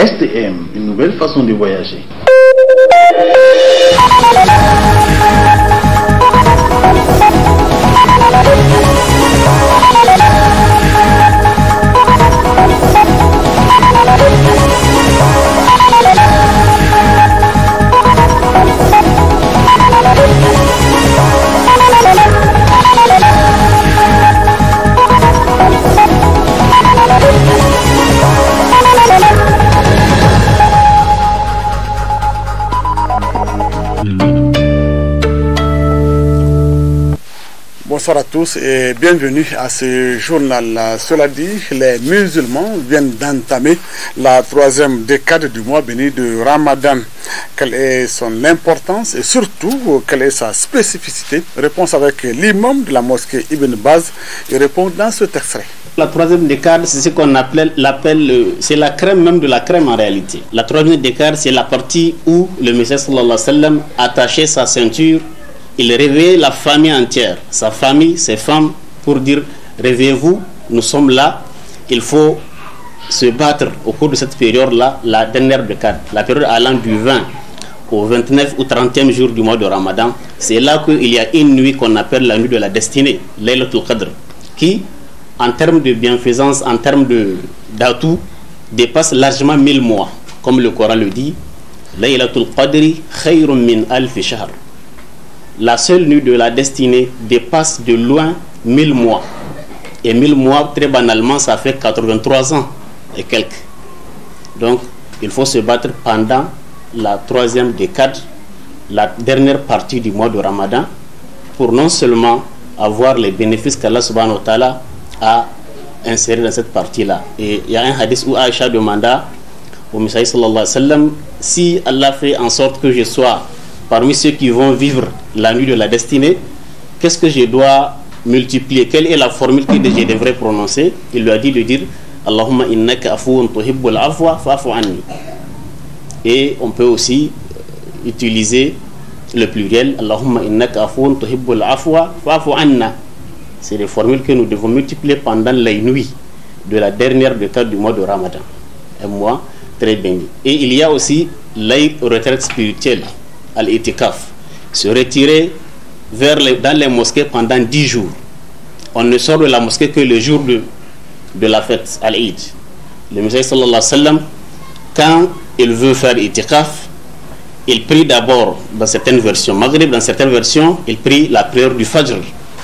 STM, une nouvelle façon de voyager. bonsoir à tous et bienvenue à ce journal. Cela dit, les musulmans viennent d'entamer la troisième décade du mois béni de Ramadan. Quelle est son importance et surtout, quelle est sa spécificité Réponse avec l'imam de la mosquée Ibn Baz il répond dans cet extrait. La troisième décade, c'est ce qu'on appelle, c'est la crème même de la crème en réalité. La troisième décade, c'est la partie où le Messie sallallahu alayhi wa sallam attachait sa ceinture il réveille la famille entière, sa famille, ses femmes, pour dire réveillez-vous, nous sommes là, il faut se battre au cours de cette période-là, la dernière décade, la période allant du 20 au 29 ou 30e jour du mois de Ramadan. C'est là qu'il y a une nuit qu'on appelle la nuit de la destinée, Laylatul Qadr, qui, en termes de bienfaisance, en termes d'atout, dépasse largement mille mois. Comme le Coran le dit, Laylatul Qadri khayrun min al shahr la seule nuit de la destinée dépasse de loin 1000 mois. Et 1000 mois, très banalement, ça fait 83 ans et quelques. Donc, il faut se battre pendant la troisième décade, la dernière partie du mois de Ramadan, pour non seulement avoir les bénéfices qu'Allah subhanahu wa ta'ala a insérés dans cette partie-là. Et il y a un hadith où Aïcha demanda au Messiah sallallahu alayhi wa sallam si Allah fait en sorte que je sois parmi ceux qui vont vivre la nuit de la destinée, qu'est-ce que je dois multiplier Quelle est la formule que je devrais prononcer Il lui a dit de dire Allahumma innaka fa'fu anni. Et on peut aussi euh, utiliser le pluriel Allahumma innaka fa'fu anna. C'est les formules que nous devons multiplier pendant la nuit de la dernière de du mois de Ramadan. Un mois très béni. Et il y a aussi la retraite spirituelle, al-itikaf se retirer vers dans les mosquées pendant 10 jours. On ne sort de la mosquée que le jour de, de la fête Al-Eid. Le Messie sallallahu alayhi wa sallam, quand il veut faire itikaf, il prie d'abord, dans certaines versions Maghrib, dans certaines versions, il prie la prière du Fajr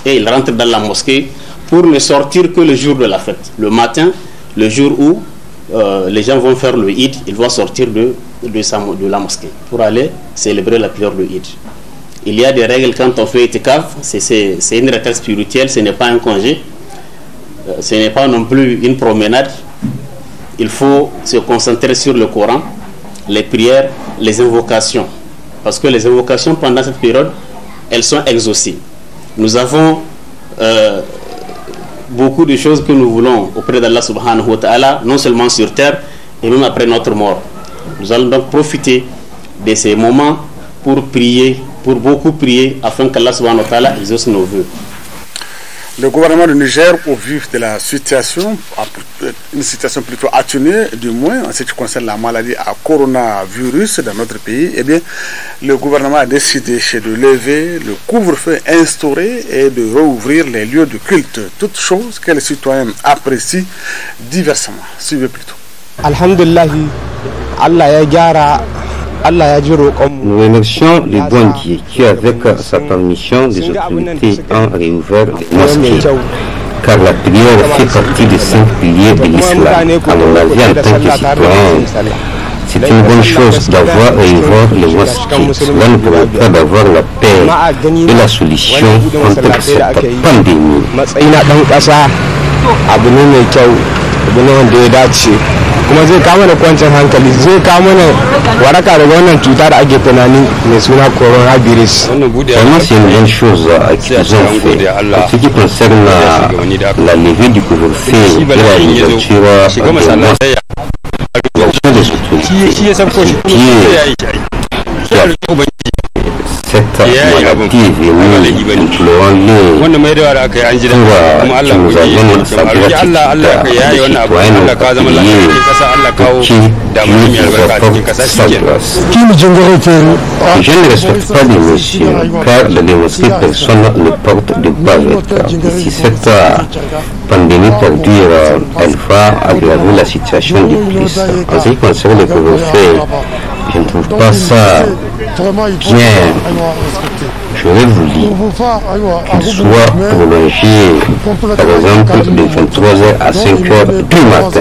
et il rentre dans la mosquée pour ne sortir que le jour de la fête. Le matin, le jour où euh, les gens vont faire le Eid, ils vont sortir de, de, la mosquée pour aller célébrer la prière de Eid. Il y a des règles quand on fait itikaf, c'est une retraite spirituelle, ce n'est pas un congé, euh, ce n'est pas non plus une promenade. Il faut se concentrer sur le Coran, les prières, les invocations. Parce que les invocations pendant cette période, elles sont exaucées. Nous avons euh, beaucoup de choses que nous voulons auprès d'Allah subhanahu wa ta'ala, non seulement sur terre, et même après notre mort. Nous allons donc profiter de ces moments pour prier pour beaucoup prier afin qu'Allah subhanahu wa ta'ala exauce nos voeux. Le gouvernement du Niger, au vu de la situation, une situation plutôt atténuée, du moins en ce qui concerne la maladie à coronavirus dans notre pays, et eh bien, le gouvernement a décidé de lever le couvre-feu instauré et de rouvrir les lieux de culte, toutes choses que les citoyens apprécient diversement. Suivez plutôt. Alhamdulillah, Allah nous remercions le bon Dieu qui, avec sa permission des autorités, ont réouvert les mosquées. Car la prière fait partie des cinq piliers de l'islam. Alors la vie en tant que citoyen, c'est une bonne chose d'avoir réouvert les mosquées. Cela nous permettra d'avoir la paix et la solution contre cette pandémie. kuma zai kawo mana kwancin hankali zai kawo mana waraka daga wannan cuta da ake tunani mai suna coronavirus. Vraiment c'est une chose qu'ils ont fait. Ce qui concerne la, la levée du couvre-feu et la réouverture de ce qui shi je ne respecte pas les messieurs car personne ne porte de si cette pandémie perdure elle va aggraver la situation du plus en ce qui concerne le je ne trouve pas ça bien. Je vais vous dire qu'il soit prolongé, par exemple, de 23h à 5h du matin.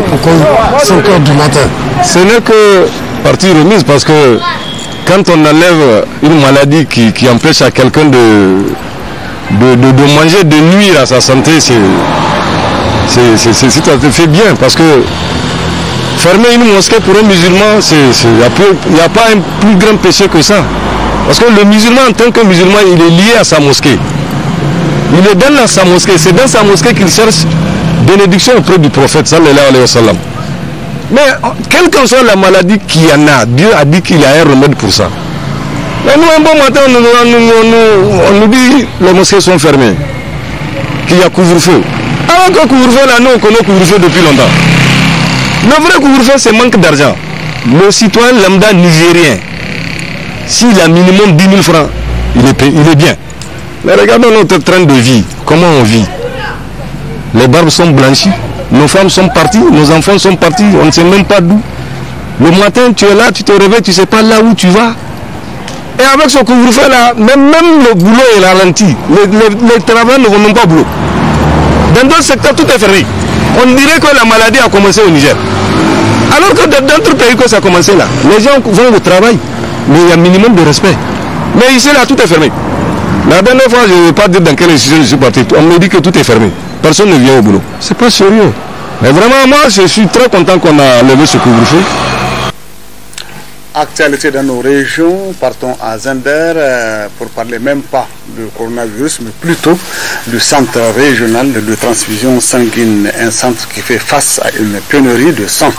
5h du matin. Ce n'est que partie remise parce que quand on enlève une maladie qui, qui empêche à quelqu'un de de, de, manger, de nuire à sa santé, c'est ça te fait bien parce que Fermer une mosquée pour un musulman, il n'y a, pas un plus grand péché que ça. Parce que le musulman, en tant que musulman, il est lié à sa mosquée. Il est dans sa mosquée. C'est dans sa mosquée qu'il cherche bénédiction auprès du prophète, sallallahu alayhi wa Mais quelle que soit la maladie qu'il y en a, Dieu a dit qu'il y a un remède pour ça. Mais nous, un bon matin, on nous, les mosquées sont fermées, qu'il y a couvre-feu. Alors que couvre-feu, là, nous, on connaît couvre-feu depuis longtemps. Le vrai couvre-feu, c'est manque d'argent. Le citoyen lambda nigérien, s'il a minimum 10 000 francs, il est, bien. Mais regardons notre train de vie, comment on vit. Les barbes sont blanchies, nos femmes sont parties, nos enfants sont partis, on ne sait même pas d'où. Le matin, tu es là, tu te réveilles, tu ne sais pas là où tu vas. Et avec ce couvre-feu là, même, le boulot est ralenti. Les, les, travailleurs ne vont même pas au boulot. Dans d'autres secteurs, tout est fermé on dirait que la maladie a commencé au Niger. Alors que dans d'autres pays que ça a commencé là, les gens vont au travail, mais il y a un minimum de respect. Mais ici là, tout est fermé. La dernière fois, je ne vais pas dire dans quelle institution je suis parti. On me dit que tout est fermé. Personne ne vient au boulot. C'est pas sérieux. Mais vraiment, moi, je suis très content qu'on a levé ce couvre-feu. Actualité dans nos régions, partons à Zender euh, pour parler même pas du coronavirus, mais plutôt du centre régional de transfusion sanguine, un centre qui fait face à une pénurie de sang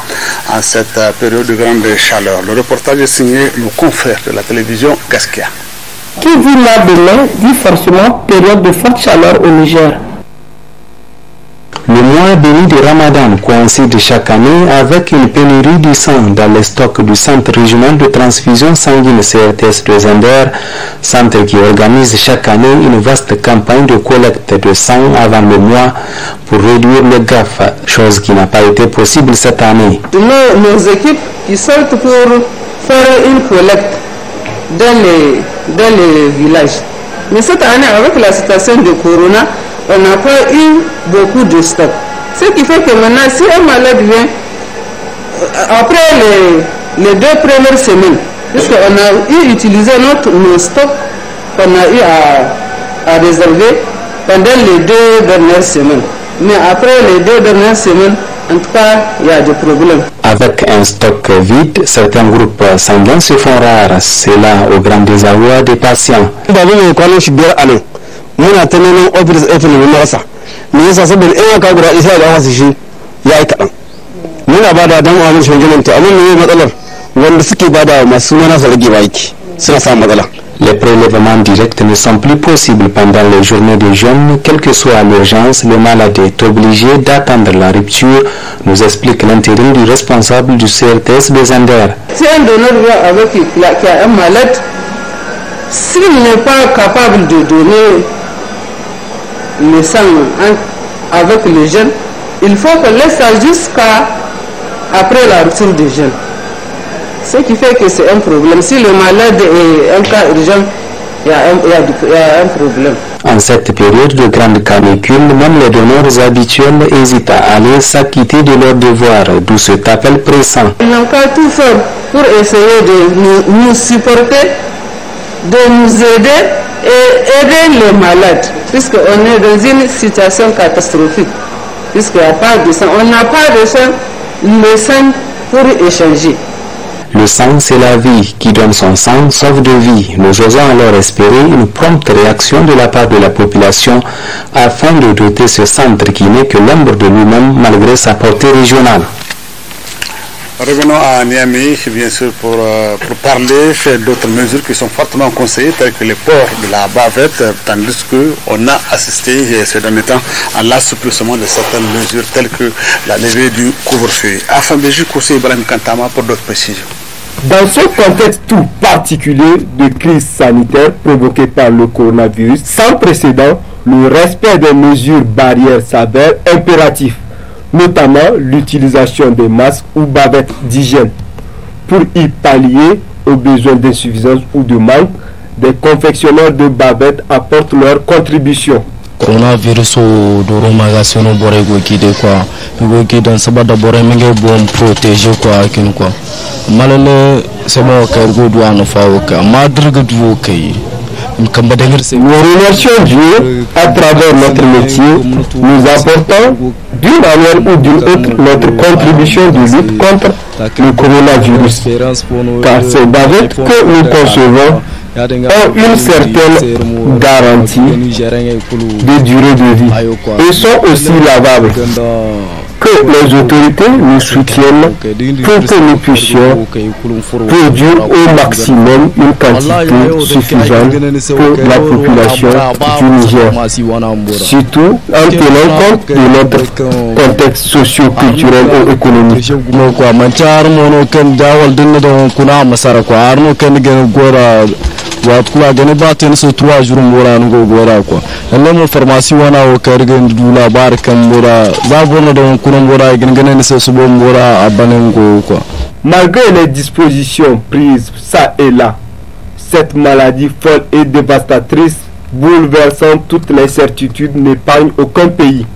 en cette euh, période de grande chaleur. Le reportage est signé le confrère de la télévision Gaskia. Qui vit là demain dit forcément période de forte chaleur au Niger. Le mois béni de Ramadan coïncide chaque année avec une pénurie du sang dans les stocks du Centre régional de transfusion sanguine CRTS de Zender, centre qui organise chaque année une vaste campagne de collecte de sang avant le mois pour réduire le gaffe, chose qui n'a pas été possible cette année. Nos, nos équipes qui sortent pour faire une collecte dans les villages. Mais cette année, avec la situation de Corona, on n'a pas eu beaucoup de stocks. Ce qui fait que maintenant, si un malade vient, euh, après les, les deux premières semaines, puisqu'on a eu utilisé notre, nos stocks qu'on a eu à, à réserver pendant les deux dernières semaines. Mais après les deux dernières semaines, en tout cas, il y a des problèmes. Avec un stock vide, certains groupes sanguins se font rares. C'est là au grand désarroi des patients. Les prélèvements directs ne sont plus possibles pendant les journées de jeûne, quelle que soit l'urgence, le malade est obligé d'attendre la rupture, nous explique l'intérim du responsable du CRTS des Si un donneur avec qui a un malade, s'il n'est pas capable de donner le sang hein, avec le jeunes, il faut qu'on laisse ça jusqu'à après la routine du jeunes. Ce qui fait que c'est un problème. Si le malade est un cas urgent, il y, a un, y un problème. En cette période de grande canicule, même les demeures habituels hésitent à aller s'acquitter de leurs devoirs, d'où cet appel pressant. Ils n'ont qu'à tout faire pour essayer de nous supporter, de nous aider et eh, eh, aider les malades, puisqu'on est dans une situation catastrophique, puisqu'il n'y a pas de sang. On n'a pas de sang, le sang pour échanger. Le sang, c'est la vie. Qui donne son sang sauve de vie. Nous osons alors espérer une prompte réaction de la part de la population afin de doter ce centre qui n'est que l'ombre de lui-même malgré sa portée régionale. Revenons à Niamey, bien sûr, pour, parler, euh, pour parler d'autres mesures qui sont fortement conseillées, telles que les ports de la bavette, tandis qu'on a assisté ces derniers temps à l'assouplissement de certaines mesures, telles que la levée du couvre-feu. Afin de conseil Ibrahim Kantama pour d'autres précisions. Dans ce contexte tout particulier de crise sanitaire provoquée par le coronavirus sans précédent, le respect des mesures barrières s'avère impératif notamment l'utilisation des masques ou bavettes d'hygiène pour y pallier aux besoins d'insuffisance ou de manque des confectionneurs de bavettes apportent leur contribution nous remercions Dieu à travers notre métier, nous apportons d'une manière ou d'une autre notre contribution de lutte contre le coronavirus. Car ces bavettes que nous concevons ont une certaine garantie de durée de vie et sont aussi lavables que les autorités nous soutiennent pour que nous puissions produire au maximum une quantité suffisante pour la population du Niger, surtout en tenant compte de notre contexte socio-culturel et économique malgré les dispositions prises ça et là cette maladie folle et dévastatrice bouleversant toutes les certitudes n'épargne aucun pays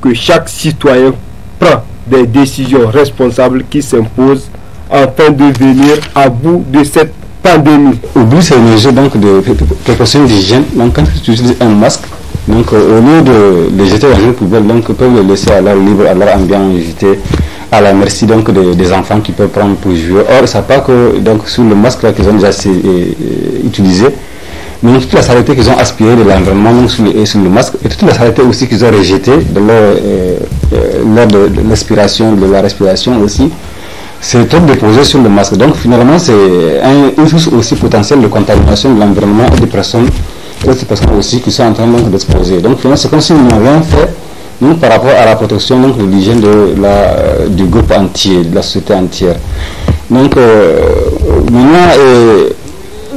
que chaque citoyen prend des décisions responsables qui s'imposent afin de venir à bout de cette pas Au c'est une jeu donc, de précaution d'hygiène. Donc, quand tu utilises un masque, donc, euh, au lieu de le jeter dans une poubelle, donc, peuvent le laisser à l'air libre, à l'air ambiant, à la merci donc des, enfants qui peuvent prendre pour jouer. Or, ça pas que donc sous le masque qu'ils ont déjà euh, euh, utilisé, mais toute la saleté qu'ils ont aspirée de l'environnement le, et masque et toute la saleté aussi qu'ils ont rejetée lors de, de l'aspiration, de la respiration aussi c'est trop déposé sur le masque. Donc finalement, c'est un, une source aussi potentielle de contamination de l'environnement et des personnes, d'autres personnes aussi qui sont en train d'exposer. Donc finalement, c'est comme si nous n'avions rien fait par rapport à la protection donc, de l'hygiène de la, du groupe entier, de la société entière. Donc euh, maintenant,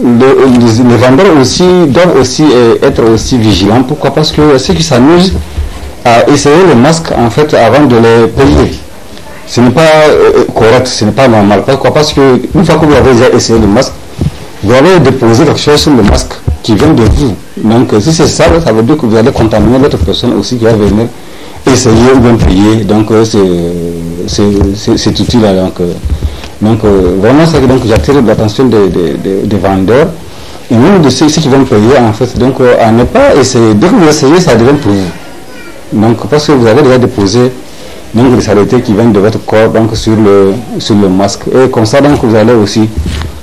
les, vendeurs aussi doivent aussi euh, être aussi vigilants. Pourquoi Parce que ceux qui s'amusent à essayer le masque, en fait, avant de les payer ce n'est pas euh, euh, correct, ce n'est pas normal. Pourquoi Parce que une fois que vous avez déjà essayé le masque, vous allez déposer quelque chose sur le masque qui vient de vous. Donc si c'est ça, ça veut dire que vous allez contaminer l'autre personne aussi qui va venir essayer ou bien payer. Donc euh, c'est tout Donc, donc vraiment, c'est que j'attire l'attention des, des, vendeurs et même de ceux, qui vont payer en fait. Donc à ne pas essayer. Dès que vous essayez, ça devient plus Donc parce que vous avez déjà déposé donc les saletés qui viennent de votre corps donc sur le, sur le masque. Et comme ça, vous allez aussi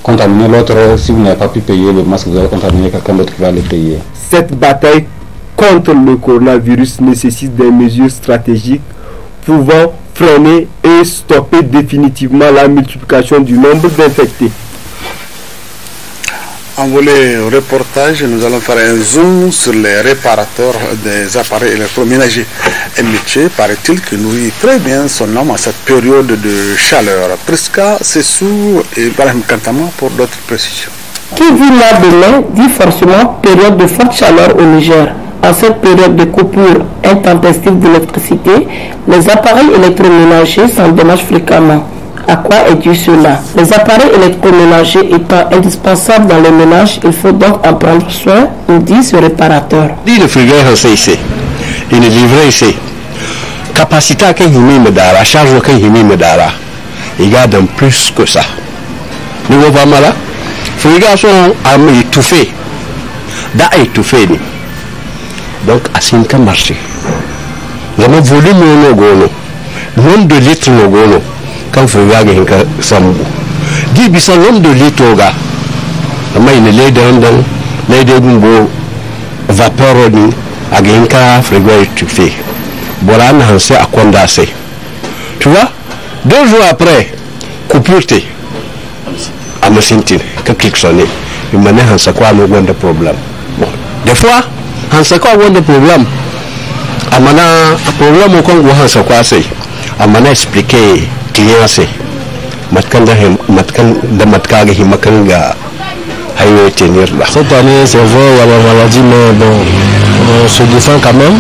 contaminer l'autre. Si vous n'avez pas pu payer le masque, vous allez contaminer quelqu'un d'autre qui va le payer. Cette bataille contre le coronavirus nécessite des mesures stratégiques pouvant freiner et stopper définitivement la multiplication du nombre d'infectés. En volet reportage, nous allons faire un zoom sur les réparateurs des appareils électroménagers. Un métier, paraît-il, qui nourrit très bien son nom à cette période de chaleur. Prisca Sessou et Barham Kantama pour d'autres précisions. Qui vit là demain, vit forcément période de forte chaleur au Niger. En cette période de coupure intempestive d'électricité, les appareils électroménagers s'endommagent fréquemment. À quoi est dû cela Les appareils électroménagers étant indispensables dans le ménage, il faut donc en prendre soin, nous dit ce réparateur. Dit le frigo ici. Il est livré ici. Capacité à la charge à Il garde plus que ça. Nous voyons mal là. Frigo sont étouffés. Da étouffé. Donc, à 5 marché. Nous avons volume Le nombre de litres au kan fo yaga hinka sambu di bisa lom do litoga amma ina le dan dan le de gumbo vapeur ni aga hinka frigo tufe bora na hanse akonda se tu vois deux jours après coupure te amasintin ka kiksone imane hansa kwa no gonda problem bon des fois hansa kwa gonda problem amana problem ko ngo hansa kwa sai amana expliquer tiyase matkan da matkan da matka ga himakan ga highway tenir cette année c'est vrai il y a la maladie mais bon on se défend quand même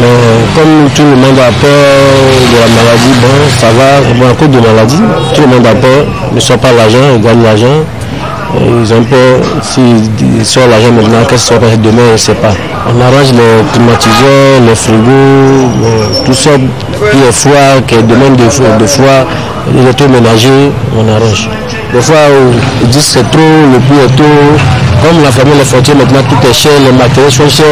mais comme tout le monde a peur de la maladie bon ça va bon, à cause de la maladie tout le monde a peur. ne sont pas l'argent on gagne l'argent euh, ils ont peur, s'ils sortent l'argent maintenant, qu'est-ce qu'ils sera demain, on ne sait pas. On arrange les climatiseurs, les frigos, tout ça qui est froid, qui demande il est froid, ménagé, on arrange. Des fois, ils disent c'est trop, le puits est trop. Comme la famille est fortune, maintenant tout est cher, les matériaux sont chers,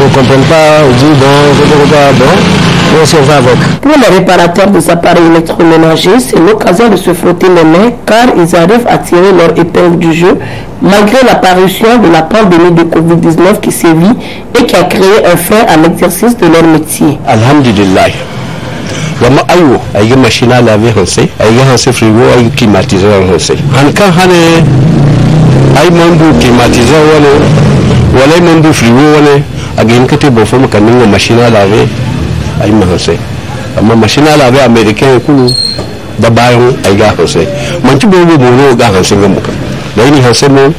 on ne comprend pas, on dit bon, je ne comprends pas, bon, on se va avec. Pour les réparateurs des appareils électroménagers, c'est l'occasion de se frotter les mains car ils arrivent à tirer leur épingle du jeu malgré l'apparition de la pandémie de Covid-19 qui sévit et qui a créé un frein à l'exercice de leur métier. Alhamdulillah. wama ayo ayi machine à laver Ayo ayi frigo ayi climatiseur a des hane ai man du climatiseur wani wala man du frigo wani a ga bo fomu kan ninga machina lave ai ma hose amma machina lave american kulu da bayan ai ga hose man ci bo bo no ga hose ga muka da ni hose mo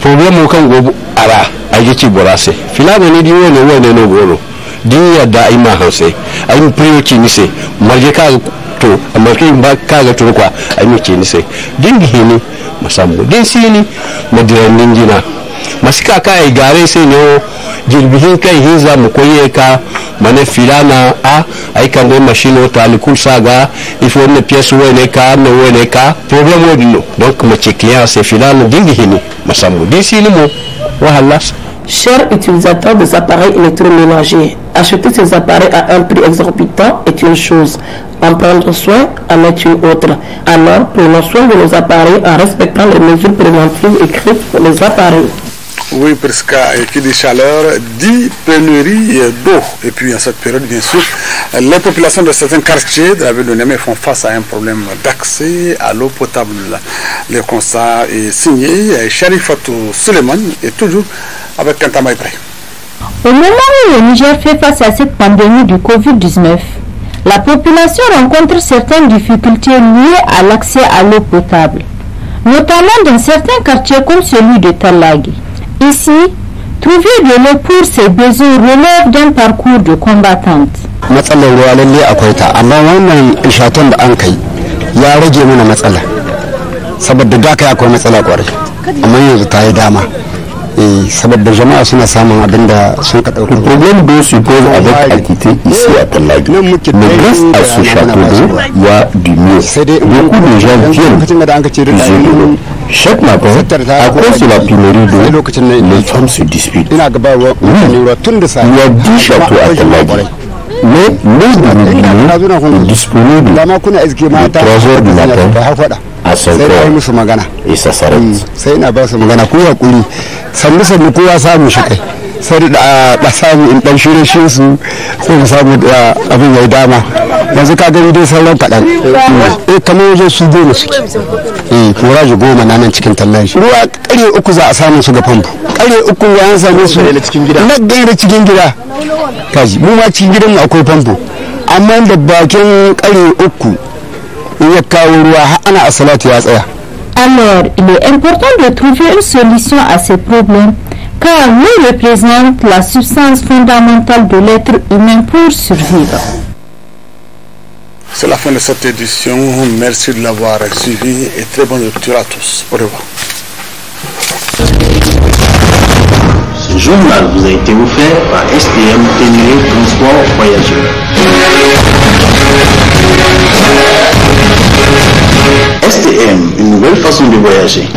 problem kan go ara ai ci borase filano ni di wani wani no goro ya da ai ma hose ai priyo ci ni se marje ka to amma kai ba ka ga turkwa ai mu ci ni se dingi ne masamu din sini madiran ninjina masu kaka a gare se no jirgin kai za mu koye ka mane filana a aikan kan do machine to sa ga ifo ne ka na wai ne problem ka problème don kuma cikin ya sai filana dingi hini masamu din sini mu wahalasa Chers utilisateurs des appareils électroménagers, acheter ces appareils à un prix exorbitant est une chose, en prendre soin en est une autre. Alors, prenons soin de nos appareils en respectant les mesures préventives écrites pour les appareils. Oui, Prisca, qui dit chaleur, dit pénurie d'eau. Et puis en cette période, bien sûr, les populations de certains quartiers de la ville de font face à un problème d'accès à l'eau potable. Le constat est signé Fatou Suleiman est toujours avec un Au moment où le Niger fait face à cette pandémie du Covid-19, la population rencontre certaines difficultés liées à l'accès à l'eau potable, notamment dans certains quartiers comme celui de Talagi. Ici, trouver de l'eau pour ses besoins relève d'un parcours de combattante. matsalar ruwa lalle akwai ta amma wannan shaton da an kai ya rage mana matsala saboda da kai akwai matsala kwarai amma yanzu ta yi dama eh, saboda jama'a suna samun abin da sun ka ɗauka. problem do su go avec activité ici à Talagi mais grâce à ce château d'eau il y a du mieux da de da viennent ils ont Chaque matin, à cause de la pénurie d'eau, les femmes se disputent. Oui, il y a 10 châteaux à Kaladi. Mais l'eau de est disponible de 3 heures du matin a sai kawai mm. musu magana isa sarari mm, ina ba magana ko hakuri sannu sannu kowa samu shi sai da a samu in dan shirye shi su ko mu samu da abin yayi dama yanzu ka gani dai sauran kaɗan eh kamar wajen su goma suke eh ji goma na nan cikin tallan shi ruwa ƙarye uku za a samu su ga famfo ƙarye uku ya an same su na gaira cikin gida kaji mu ma cikin gidan mu akwai famfo amma da bakin ƙarye uku ya kawo ruwa ana asalati ya tsaya Alors, il est important de trouver une solution à ce problème. car nous représente la substance fondamentale de l'être humain pour survivre. C'est la fin de cette édition. Merci de l'avoir suivi et très bonne lecture à tous. Au revoir. Ce journal vous a été offert par STM Ténéré e Transport STM, une nouvelle façon de voyager.